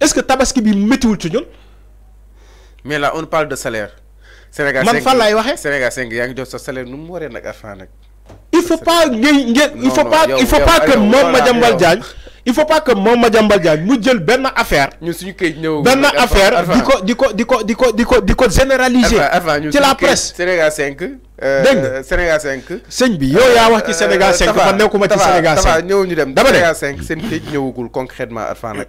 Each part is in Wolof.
est-ce que tabaski bi metti ci ñun. mais là on parle de salaire. Sénégal man fa lay waxe Sénégal 5 yaa ngi jot sa salaire num waré nak nag nak. il faut pas ngay il faut pas il faut pas que moom Madiambal Diagne il faut pas que moom Madiambal Diagne mu jël ben affaire. ñu suñu këyit ñëw ben affaire diko diko diko diko diko diko généraliser. ci la presse Sénégal 5. euh Sénégal 5. sëñ bi yow ya wax ci euh, Sénégal 5. man nekkuma ci Sénégal 5 Tafa Tafa ñëw ñu dem. Sénégal 5 seen këyit ñëwagul concrètement afaan nak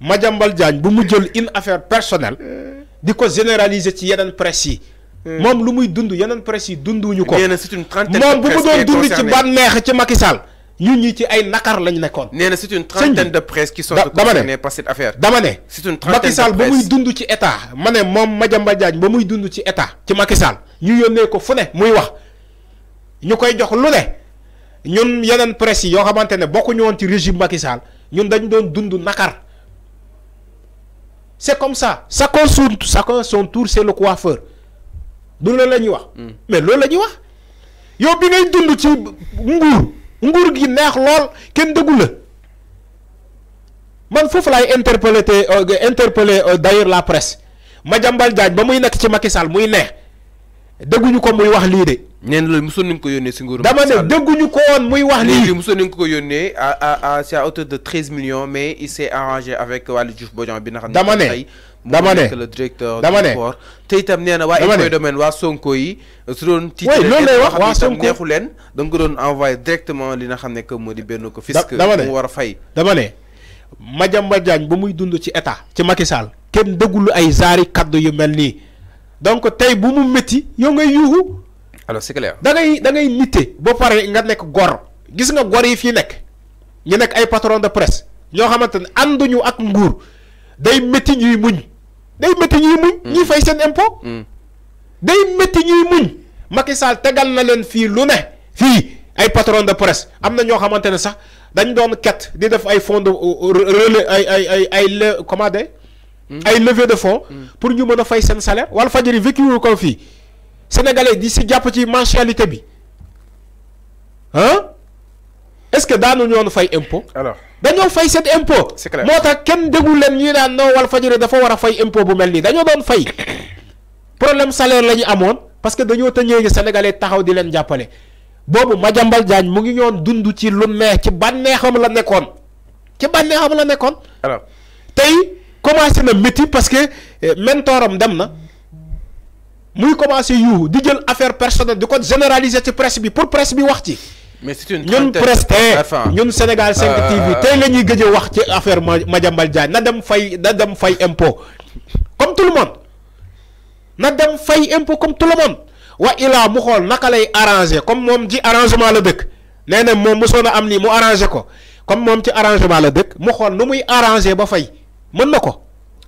Madame Diagne si vous avez une affaire personnelle vous presse ko. c'est une trentaine de presse bu mu doon dund ci ci Macky Sall ñun ñi ci ay c'est une trentaine de presse qui sont concernées par cette affaire. c'est une trentaine de Macky Sall muy dund ci état ma mom moom Diagne bu muy dund ci état ci Macky Sall ñu ko fune muy wax ñu jox lu une yeneen presse yo xamantene bokku ñu won ci régime Macky Sall ñun doon dund nakar c'est comme ça chacun son chacun son tour c'est le coiffeur du loolu la wax. Hmm. mais loolu la ñuy wax yow bi ngay dund ci nguur nguur gi neex lool kenn déggu la man foofu interpeller euh, interpeller interpeller euh, d'ailleurs la presse Madiambal Diagne ba muy nekk ci Macky Sall muy neex dégguñu ko muy wax lii de neen loolu mosoon nañu ko yónnee si nguuru dama ne dégguñu ko woon muy wax nii léegi mosoon nañu ko yónnee à à à c'est à hauteur de treize millions mais il s'est arrangé avec Waly Diouf Bodian bi nga xam ne dama ne dama ne le directeur dama ne sport te itam nee na waa Infos Domaines waa Sonko yi su doon titre loolu lay wax waa Sonko neexu leen da nga doon envoyé directement li nga xam ne que moo di benn ko fisc mu war a fay dama ne Madiambal Diagne ba muy dund ci état ci Macky Sall kenn déggul ay zaari kaddu yu mel nii donc tey bu mu métti yow ngay yuuxu alors c'est clair da ngay da ngay nite ba pare nga nekk gor gis nga gor yi fi nekk ñu nekk ay patron de presse ñoo xamante ne ànduñu ak nguur day métti ñuy muñ day métti ñuy muñ mm. ñuy fay seen impôt mm. day métti ñuy muñ Macky Sall tegal na leen fii lu ne fii ay patron de presse am na ñoo xamante ne sax dañ doon ket di def ay fonds de euh, euh, ay ay ay ay de mm. ay levée de fonds pour ñu mën a fay seen salaire wala fajari vécu ko fii sénégalais di si ci mensualité bi Hein? est-ce que nous avons fay impôt. alors dañu fay cet impôt. c'est clair ñi no wal dafa wara fay impôt bu melni dañu doon fay problème salaire lañu amone parce que dañu sénégalais taxaw di jappalé bobu ma jambal jañ mu ngi ñoon dund ci lu ci banéxam la ci banéxam la alors tay commencé na métier parce que eh, mentoram dem na muy commencé yu di jël affaire personnelle di ko généraliser ci presse bi pour presse bi wax ci. mais c'est une ñun presse ñun Sénégal 5 TV tay la ñuy gëj a wax ci affaire Madiambal Diagne na dem fay na dem fay impôt comme tout le monde na dem fay impôt comme tout le monde wa ila mu xol naka lay arranger. comme mom ci arrangement la dëkk néna mom moom am ni mu arranger ko comme mom ci arrangement la dëkk mu xol nu muy arranger ba fay mën ko.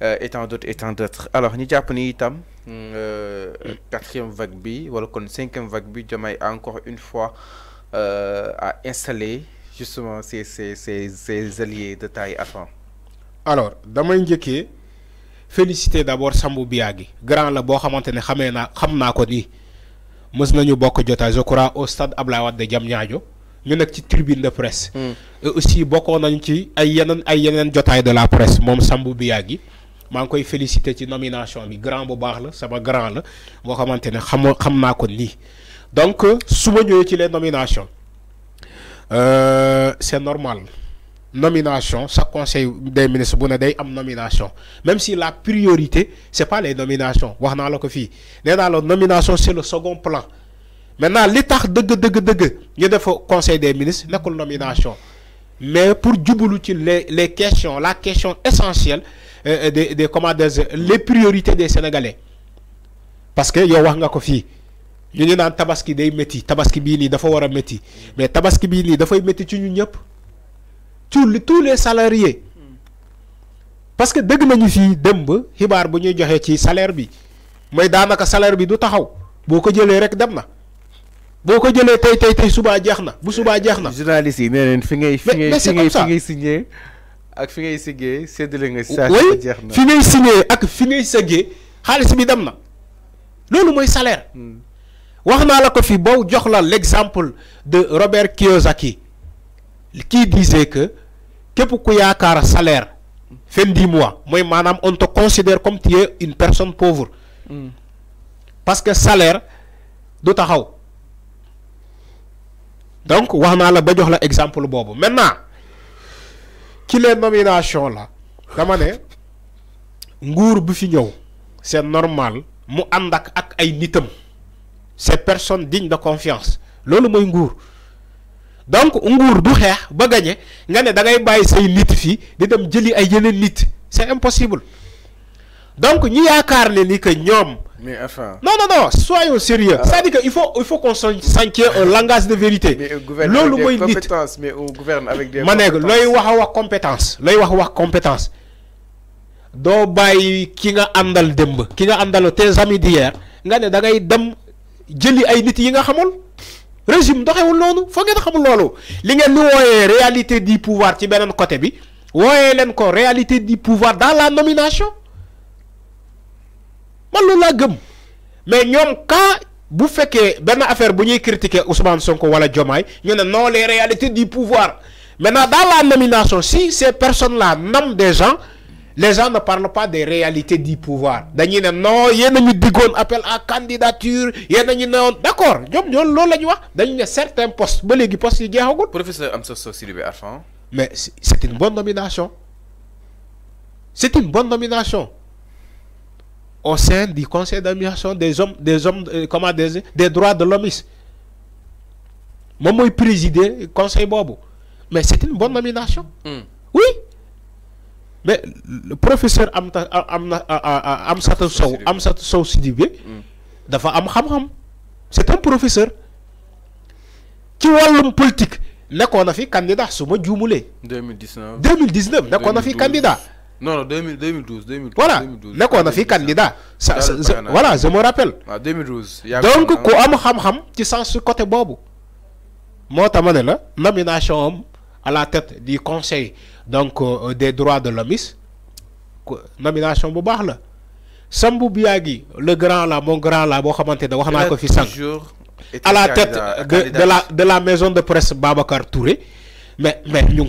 et euh, tant d'autres et d'autres alors ñu jàpp ni itam mm, euh, quatrième vague B, wala kon cinquième vague B Diomaye encore une fois a euh, installé justement ces ces ces ces alliés de taille avant. alors damay njëkkee féliciter d'abord Sambou Biagi grand la bon, xamante ne xamee naa Nous naa ko nii mës nañu bokk au stade Abdoulaye Wade de Diamniadio ñu nekk ci tribune de presse. Mm. et aussi bokkoon nañu ci ay yeneen ay de la presse Mom Sambou Biagi maa ngi koy félicité ci nomination bi grand bu baax la sama grand la boo xamante ne xamoo xam ko nii donc su ma ñëwee ci les nominations euh, c'est normal nomination ça conseil des ministres bu ne day am nomination même si la priorité c'est pas les nominations wax naa la ko fii nee naa la nomination c'est le second plan maintenant li tax dëgg dëgg dëgg ñu def conseil des ministres nekkul nomination mais pour jublu ci les les questions la question essentielle euh, euh, des des comment les priorités des sénégalais parce que yow wax nga ko fi ñu ñu tabaski day metti tabaski bi nii dafa wara metti mais tabaski bii nii dafay metti ci ñun ñep ci tous les salariés parce que dëgg nañu fi demb xibaar bu ñuy joxe ci salaire bi mooy daanaka salaire bi du taxaw boko jëlé rek dem boko vous tay tay tay suba bu journaliste yi fi ngay. fi ngay fi ngay fi ngay signé ak fi ngay nga. fi ngay ak fi ngay bi salaire. Hmm. la ko fi jox la de Robert Kiyosaki qui disait que képp ku yaakaar salaire fin 10 mois moy manam on te considère comme tu es une personne pauvre. Hmm. parce que salaire du taxaw donc wax naa la ba jox la exemple boobu maintenant ci les nomination la dama ne nguur bu fi ñëw c'est normal mu ànd ak ak ay nitam c'est personne digne de confiance loolu mooy nguur donc nguur du xeex ba gagné nga ne da ngay bàyyi say nit fi di dem jëli ay yeneen nit c'est impossible donc ñu yaakaar ne ni que ñoom. Mais enfin... Non, non, non, soyons sérieux. Ah. C'est-à-dire qu'il faut, il faut qu'on s'inquiète un langage de vérité. Mais au gouverne avec des compétences, mais on gouverne avec des compétences. Mané, l'oï compétences. L'oï compétences. doo bàyyi ki nga andal démb ki nga àndal tes amis d'hier nga ne da ngay dem jëli ay nit yi nga xamul régime doxewul noonu foo ngeen xamul loolu li ngeen ni wooyee réalité du pouvoir ci beneen côté bi wooyee leen ko réalité du pouvoir dans la nomination man loolu laa gëm mais ñoom cas bu fekkee benn affaire bu ñuy critiquer Ousmane Sonko wala Diomaye ñu ne non les réalités du pouvoir maintenant dans la nomination si ces personnes là nomment des gens les gens ne parlent pas des réalités du pouvoir dañuy ne non yéen a ñu appel à candidature yéen a ñu ne D'accord, d' accord loolu la wax dañu ne certains postes ba léegi postes yi jeexagul. professeur Amsoso Sidibé Arfan mais c'est une bonne nomination c'est une bonne nomination au sein du conseil d'administration des hommes, des hommes, euh, comment des, des droits de l'homme. Moi, je préside le conseil Bobo. Mais c'est une bonne nomination. Hmm. Oui. Mais le professeur euh, euh, Amsatou Sou Sidibé, hmm. c'est un professeur qui voit une politique. Nous a fait candidat, mois de 2019. 2019, nous avons fait candidat non non 2012 2012 voilà on a fait candidat voilà je me rappelle. 2012. Ah, donc ku am xam-xam sens ce côté Bobo. la nomination à la tête du conseil donc euh, des droits de l'homme nomination bu Sambou Biagi, le grand là mon grand là ne à la tête de la maison de presse Babacar Touré mais mais ñu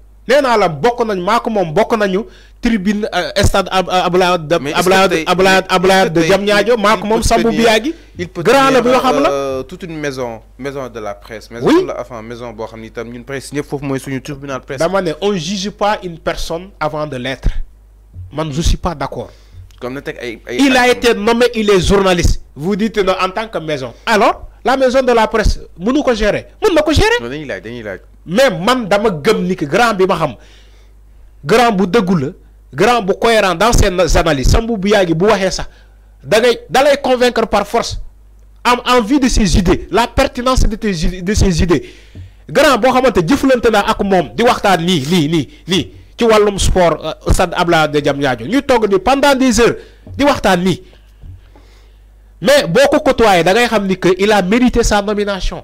nee naa la bokk nañ maa ko moom bokk nañu tribune euh, stade euh, Abdoulaye Abdoulaye Abdoulaye Abdoulaye de Diamniadio maa ko moom Sambou Biagui grand la bi nga xam la euh, toute une maison maison de la presse maison la enfin maison boo xam ne itam ñun presse ñëpp foofu mooy suñu tribunal presse dama ne on juge pas une personne avant de l'être man je suis pas d'accord comme na teg ay ay il a été nommé il est journaliste vous dites non en tant que maison alors la maison de la presse mënu ko gérer mën na ko gérer dañuy laaj dañuy laaj mais man dama gëm ni que grand bi ma xam grand bu dëggu la grand bu cohérent dans ses analyses sambu bu yagi bu waxee sax da ngay dalay convaincre par force am envie de ses idées la pertinence de tes de ses idées grand bo xamanté jëflante na ak mom di waxtaan ni, li ni, li ci walum sport euh, stade abla de ñu togg ni pendant des heures di waxtaan ni mais boko ko da ngay xam ni que il a mérité sa nomination.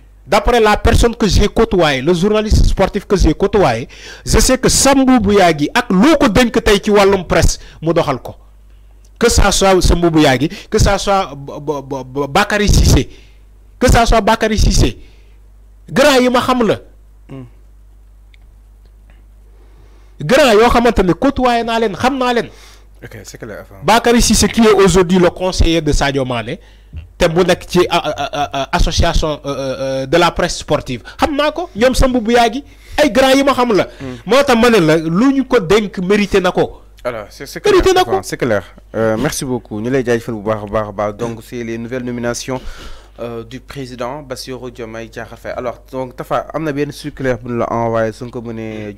d'après la personne que j'ai côtoyé le journaliste sportif que j'ai côtoyé je sais que Sambou Bouyagi ak loo ko qui tey ci wàllum presse que ça soit Sambou Bouyagi que ça soit Bakary Sissé que ça soit Bakary Sissé grand yi ma xam la hmm. grand yoo xamante côtoyé naa leen ok c'est clair. Bakary Cissé qui est aujourd'hui le conseiller de Sadio Mané te mu nekk ci euh, euh, euh, association de la presse sportive xam naa ko ñoom sa mbubb yaa gi ay grand yi ma xam la. Hmm. moo tax la ko mérité n'ako. Alors, c'est clair. C'est clair. Euh, merci beaucoup. Nous les Donc, c'est les nouvelles nominations euh, du président Bassirou Diomaye Diakhar Alors, donc, Tafa, on a bien circulaire pour l'envoyer, son communé,